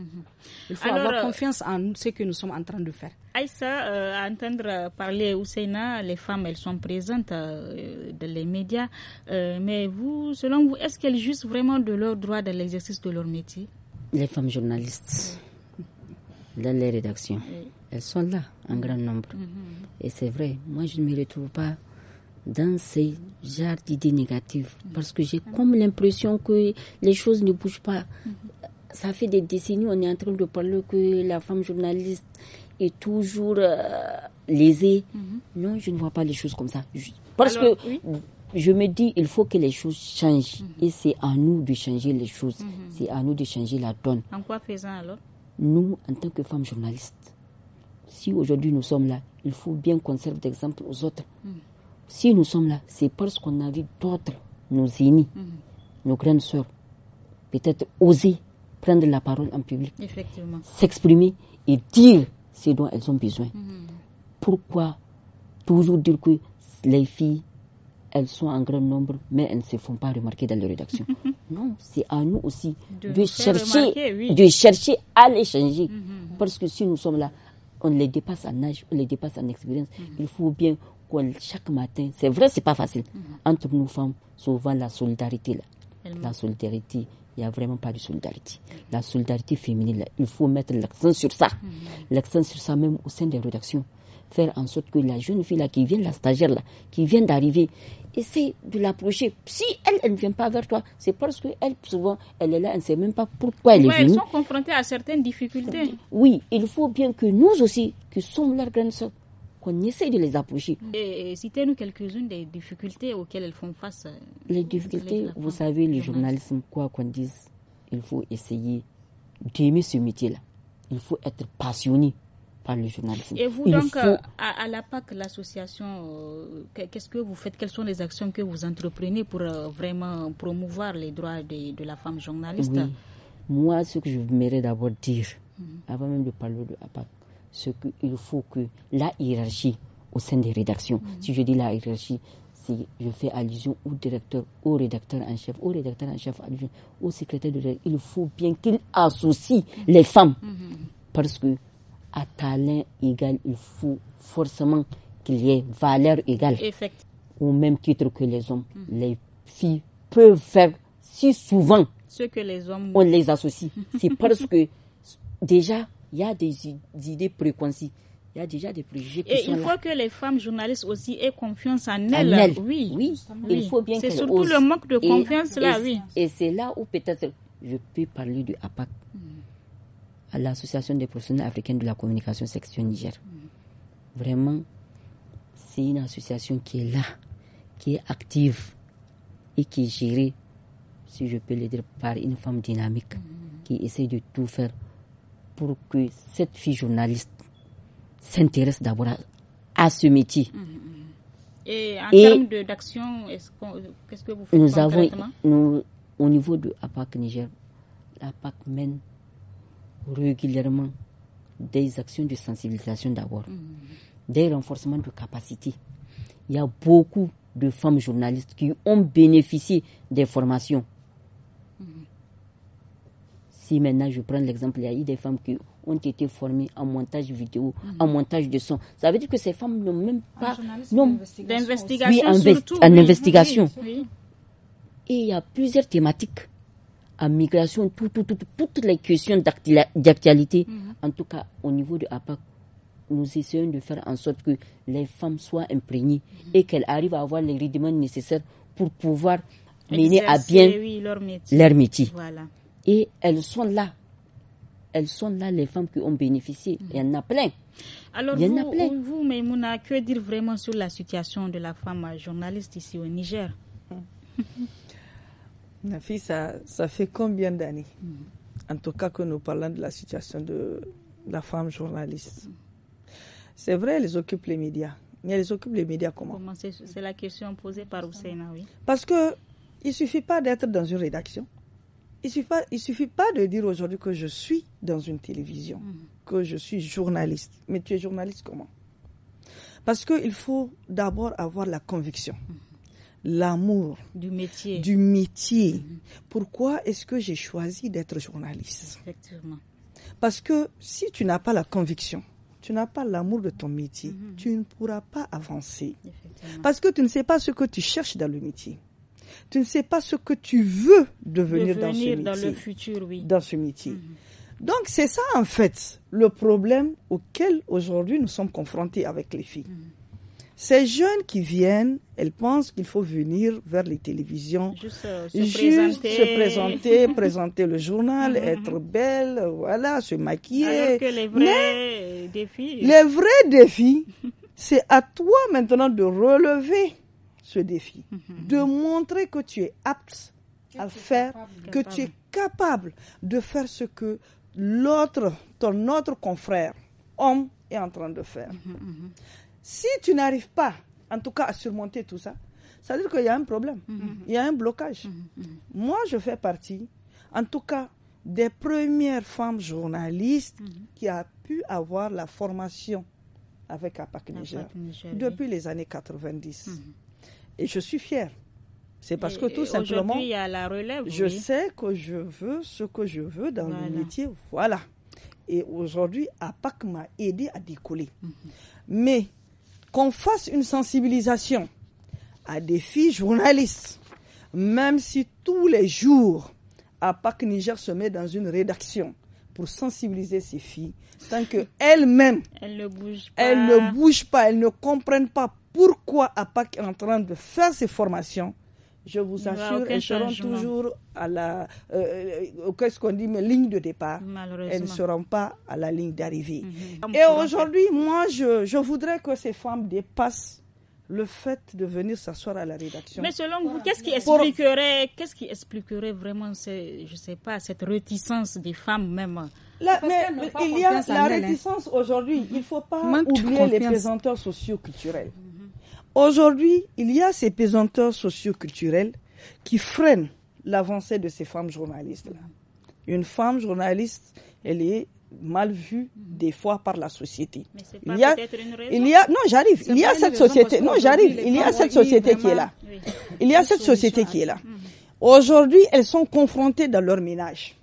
Speaker 4: il faut avoir euh, confiance en ce que nous sommes en train de faire.
Speaker 1: Aïssa, euh, à entendre parler Ousseina, les femmes, elles sont présentes euh, dans les médias. Euh, mais vous, selon vous, est-ce qu'elles jouissent vraiment de leur droit dans l'exercice de leur métier
Speaker 5: Les femmes journalistes, dans les rédactions, elles sont là en grand nombre. Mhm. Et c'est vrai, moi je ne me retrouve pas dans ces jardins d'idées négatives parce que j'ai mhm. comme l'impression que les choses ne bougent pas mhm ça fait des décennies, on est en train de parler que la femme journaliste est toujours euh, lésée. Mhm. Non, je ne vois pas les choses comme ça. Parce que je me dis, il faut que les choses changent. Mhm. Et c'est à nous de changer les choses. Mhm. C'est à nous de changer la donne.
Speaker 1: En quoi faisant alors
Speaker 5: Nous, en tant que femmes journalistes, si aujourd'hui nous sommes là, il faut bien qu'on serve d'exemple aux autres. Si nous sommes là, c'est parce qu'on a vu d'autres, nos aînés, nos grandes sœurs, peut-être oser prendre la parole en public, s'exprimer et dire ce dont elles ont besoin. Mhm. Pourquoi toujours dire que les filles, elles sont en grand nombre, mais elles ne se font pas remarquer dans les rédactions Non, c'est à nous aussi de, chercher, de chercher à les changer. Mhm, mhm. Parce que si nous sommes là, on les dépasse en âge, on les dépasse en expérience. Il faut bien qu'on, chaque matin, c'est vrai, c'est pas facile, entre nous femmes, souvent la solidarité La solidarité, il n'y a vraiment pas de solidarité. La solidarité féminine, il faut mettre l'accent sur ça. Mm. L'accent sur ça même au sein des rédactions. Faire en sorte que la jeune fille là, qui vient, la stagiaire là, qui vient d'arriver, essaie de l'approcher. Si elle, elle ne vient pas vers toi, c'est parce qu'elle, souvent, elle est là, elle ne sait même pas pourquoi elle est venue. Elles sont confrontées à certaines difficultés. Oui, il faut bien que nous aussi, que sommes leurs grandes soeurs, qu'on essaie de les approcher.
Speaker 1: Et, citez-nous quelques-unes des difficultés auxquelles elles font face. Euh,
Speaker 5: les difficultés, vous savez, le journalisme, quoi qu'on dise, il faut essayer d'aimer ce métier-là. Il faut être passionné par le journalisme. Et vous, donc, euh,
Speaker 1: à, l'APAC, la PAC, l'association, euh, qu'est-ce que vous faites Quelles sont les actions que vous entreprenez pour vraiment promouvoir les droits de, la femme journaliste
Speaker 5: Moi, ce que je voudrais d'abord dire, mhm. avant même de parler de la ce qu'il faut que la hiérarchie au sein des rédactions, mhm. si je dis la hiérarchie, si je fais allusion au directeur, au rédacteur en chef, au rédacteur en chef au secrétaire de rédaction. Il faut bien qu'il associe les femmes. Mhm. Parce que à talent égal, il faut forcément qu'il y ait valeur égale. Au même titre que les hommes, mhm. les filles peuvent faire si souvent ce que les hommes on les associe. C'est parce que déjà il y a des, idées préconçues il y a déjà des préjugés Et il faut que
Speaker 1: les femmes journalistes aussi aient confiance en elles.
Speaker 5: Oui. oui. il faut bien C'est surtout le manque de confiance là, oui. Et c'est là où peut-être je peux parler du APAC, mm. à l'Association des professionnels africains de la communication section Niger. Mm. Vraiment, c'est une association qui est là, qui est active et qui est gérée, si je peux le dire, par une femme dynamique mm. qui essaie de tout faire pour que cette fille journaliste s'intéresse d'abord à, ce métier. Mhm, mhm.
Speaker 1: Et en termes d'action, qu'est-ce que vous faites Nous avons,
Speaker 5: au niveau de APAC Niger, l'APAC mène régulièrement des actions de sensibilisation d'abord, mhm. des renforcements de capacités. Il y a beaucoup de femmes journalistes qui ont bénéficié des formations maintenant je prends l'exemple, il y a eu des femmes qui ont été formées en montage vidéo, mhm. en montage de son. Ça veut dire que ces femmes n'ont même pas d'investigation. Oui, en investigation. Et il y a plusieurs thématiques. En migration, tout, toutes les questions d'actualité. Mhm. En tout cas, au niveau de APAC, nous essayons de faire en sorte que les femmes soient imprégnées mhm. et qu'elles arrivent à avoir les rudiments nécessaires pour pouvoir mener à bien leur métier. Leur métier. Voilà. Et elles sont là. Elles sont là, les femmes qui ont bénéficié. Il y en a plein.
Speaker 1: Alors, Il y vous, en a vous, que dire vraiment sur la situation de la femme journaliste ici au Niger
Speaker 2: Ma fille, ça, fait combien d'années En tout cas, que nous parlons de la situation de la femme journaliste. C'est vrai, elles occupent les médias. Mais elles occupent les médias comment,
Speaker 1: C'est la question posée par Ousseina, oui.
Speaker 2: Parce que il suffit pas d'être dans une rédaction. Il suffit suffit pas de dire aujourd'hui que je suis dans une télévision, mm-hmm. que je suis journaliste. Mais tu es journaliste comment Parce qu'il faut d'abord avoir la conviction, mm-hmm. l'amour du métier. Du métier. Mm-hmm. Pourquoi est-ce que j'ai choisi d'être journaliste Effectivement. Parce que si tu n'as pas la conviction, tu n'as pas l'amour de ton métier, tu ne pourras pas avancer. Parce que tu ne sais pas ce que tu cherches dans le métier tu ne sais pas ce que tu veux devenir, dans ce métier. Dans le
Speaker 1: futur, oui.
Speaker 2: Dans ce métier. Mhm. Donc c'est ça en fait le problème auquel aujourd'hui nous sommes confrontés avec les filles. Mhm. Ces jeunes qui viennent, elles pensent qu'il faut venir vers les télévisions,
Speaker 3: juste, euh, se, présenter.
Speaker 2: présenter. le journal, mhm. être belle, voilà, se maquiller. Alors que les vrais
Speaker 1: défis. Les vrais
Speaker 2: défis, c'est à toi maintenant de relever ce défi, mhm. de montrer que tu es apte à faire, que tu es capable de faire ce que l'autre, ton autre confrère, homme, est en train de faire. Mhm, mhm. Si tu n'arrives pas, en tout cas, à surmonter tout ça, ça veut dire qu'il y a un problème, il y a un blocage. Moi, je fais partie, en tout cas, des premières femmes journalistes qui a pu avoir la formation avec APAC Niger, depuis les années 90. Et je suis fière. C'est parce que tout simplement,
Speaker 1: je sais
Speaker 2: que je veux ce que je veux dans le métier. Voilà. Et aujourd'hui, APAC m'a aidé à décoller. Mhm. Mais qu'on fasse une sensibilisation à des filles journalistes, même si tous les jours, APAC Niger se met dans une rédaction pour sensibiliser ces filles, tant qu'elles-mêmes, elles ne bougent pas, elles ne comprennent pas pourquoi APAC est en train de faire ces formations je vous assure, elles seront toujours à la, euh, euh, euh, qu'on dit, mais ligne de départ. Elles ne seront pas à la ligne d'arrivée. Mhm. Et aujourd'hui, moi, je, voudrais que ces femmes dépassent le fait de venir s'asseoir à la rédaction. Mais selon vous, qu'est-ce qui
Speaker 1: expliquerait, qu'est-ce qui expliquerait vraiment, je sais pas, cette réticence des femmes même? il
Speaker 2: y a la réticence aujourd'hui. Il ne faut pas oublier les présenteurs socioculturels. culturels. Aujourd'hui, il y a ces pesanteurs socioculturelles qui freinent l'avancée de ces femmes journalistes-là. Une femme journaliste, elle est mal vue des fois par la société. il y a, non, j'arrive. Il y a cette société, non, j'arrive. Il y a cette société qui est là. Il y a cette société qui est là. Aujourd'hui, elles sont confrontées dans leur ménage.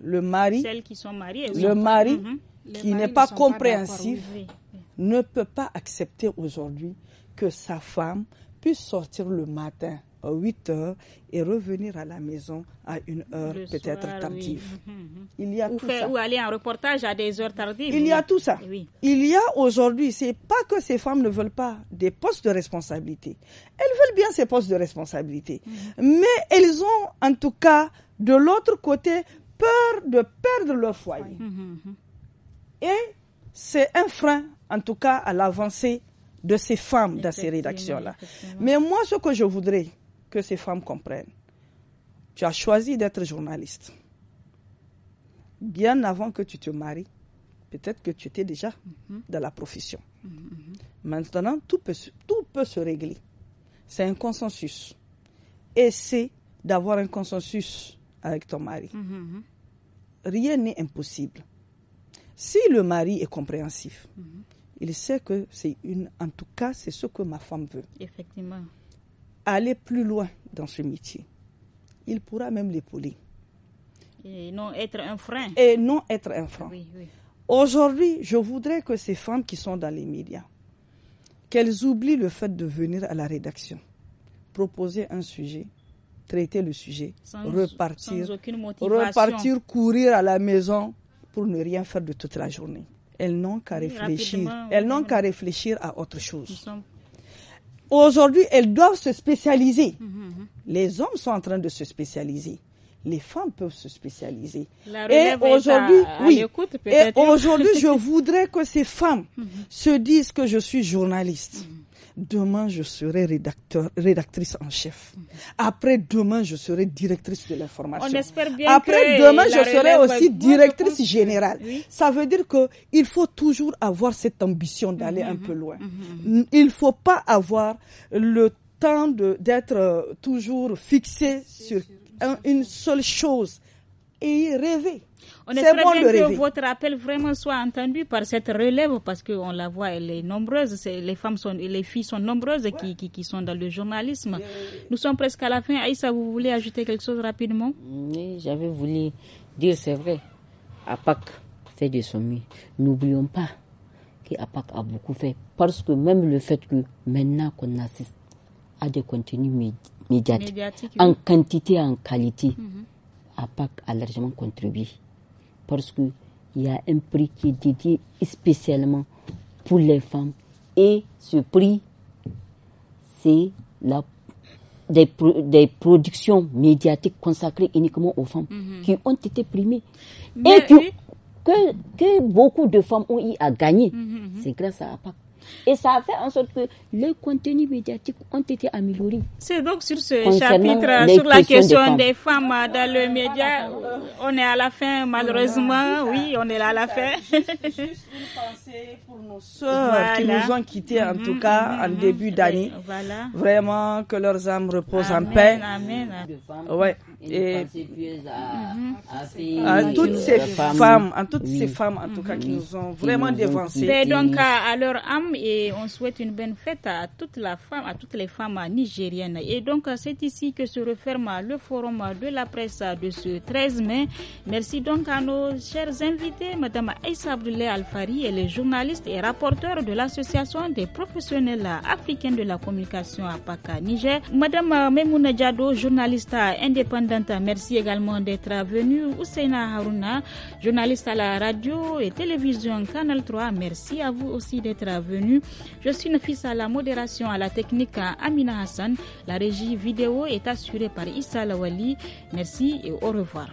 Speaker 2: Le mari,
Speaker 1: qui sont mariées, le mari mhm. qui n'est pas compréhensif,
Speaker 2: ne peut pas accepter aujourd'hui que sa femme puisse sortir le matin à 8 heures et revenir à la maison à une heure peut-être tardive. Mhm, mhm. Il y a ou, tout ça. ou
Speaker 1: aller en reportage à des heures tardives. Il y a tout ça. Oui.
Speaker 2: Il y a aujourd'hui, c'est pas que ces femmes ne veulent pas des postes de responsabilité. Elles veulent bien ces postes de responsabilité. Mhm. Mais elles ont en tout cas, de l'autre côté, peur de perdre leur foyer. Et c'est un frein en tout cas à l'avancée de ces femmes dans ces rédactions-là. Mais moi, ce que je voudrais que ces femmes comprennent, tu as choisi d'être journaliste. Bien avant que tu te maries, peut-être que tu étais déjà mhm. dans la profession. Mhm, mhm. Maintenant, tout peut, tout peut se régler. C'est un consensus. Essaie d'avoir un consensus avec ton mari. Rien n'est impossible. Si le mari est compréhensif, il sait que c'est une, en tout cas, c'est ce que ma femme veut.
Speaker 1: Effectivement.
Speaker 2: Aller plus loin dans ce métier, il pourra même l'épauler.
Speaker 1: Et non être un frein. Et non
Speaker 2: être un frein. Aujourd'hui, je voudrais que ces femmes qui sont dans les médias, qu'elles oublient le fait de venir à la rédaction, proposer un sujet, traiter le sujet, repartir, courir à la maison pour ne rien faire de toute la journée elles n'ont qu'à réfléchir. elles n'ont qu'à réfléchir à autre chose. Aujourd'hui, elles doivent se spécialiser. Mhm, mhm. les hommes sont en train de se spécialiser les femmes peuvent se spécialiser. Et aujourd'hui, oui. Et aujourd'hui, je voudrais que ces femmes mhm. se disent que je suis journaliste demain je serai rédacteur, rédactrice en chef. Mm-hmm. Après demain je serai directrice de l'information. Après demain je serai aussi directrice générale. Ça veut dire que il faut toujours avoir cette ambition d'aller un mm-hmm. peu loin. Il mm-hmm. ne Il faut pas avoir le temps d'être euh, toujours fixé sur une seule chose et rêver. On espère bien que
Speaker 1: votre appel vraiment soit entendu par cette relève parce qu'on la voit, elle est nombreuse. les femmes sont, les filles sont nombreuses qui, qui, sont dans le journalisme. Nous sommes presque à la fin. Aïssa, vous voulez ajouter quelque chose rapidement
Speaker 5: Oui, j'avais voulu dire, c'est vrai, à fait des sommets. N'oublions pas qu'APAC a beaucoup fait parce que même le fait que maintenant qu'on assiste à des contenus médiatiques, en quantité et en qualité, mhm. APAC a largement contribué parce qu'il y a un prix qui est dédié spécialement pour les femmes. Et ce prix, c'est la des, productions médiatiques consacrées uniquement aux femmes mhm. qui ont été primées et que, beaucoup de femmes ont eu à gagner. Mhm, mhm. C'est grâce à APAC. Et ça a fait en sorte que les contenu médiatique ont été améliorés. C'est donc sur ce chapitre, sur la question
Speaker 1: des femmes. dans le média, euh, on est à la fin, malheureusement. Oui, on est là à la fin. Juste une
Speaker 3: pensée
Speaker 1: pour nos soeurs qui nous ont
Speaker 2: quittés, en tout mm-hmm, cas, en mm-hmm. début d'année. Vraiment, que leurs âmes reposent en paix.
Speaker 1: Amen. Ouais et, mhm. à, toutes ces femmes,
Speaker 2: en toutes ces femmes en tout cas qui mhm. nous ont vraiment dévancé. donc
Speaker 1: à, leur âme et on souhaite une bonne fête à toutes la femme, à toutes les femmes nigériennes. Et donc c'est ici que se referme le forum de la presse de ce 13 mai. Merci donc à nos chers invités, Madame Aïssa Alfari, et les journalistes et rapporteurs de l'association des professionnels africains de la communication à PACA Niger. Madame Memouna Diado, journaliste indépendante Merci également d'être venu. Ousseina Haruna, journaliste à la radio et télévision Canal 3. Merci à vous aussi d'être venu. Je suis fils à la modération à la technique à Amina Hassan. La régie vidéo est assurée par Issa Lawali. Merci et au revoir.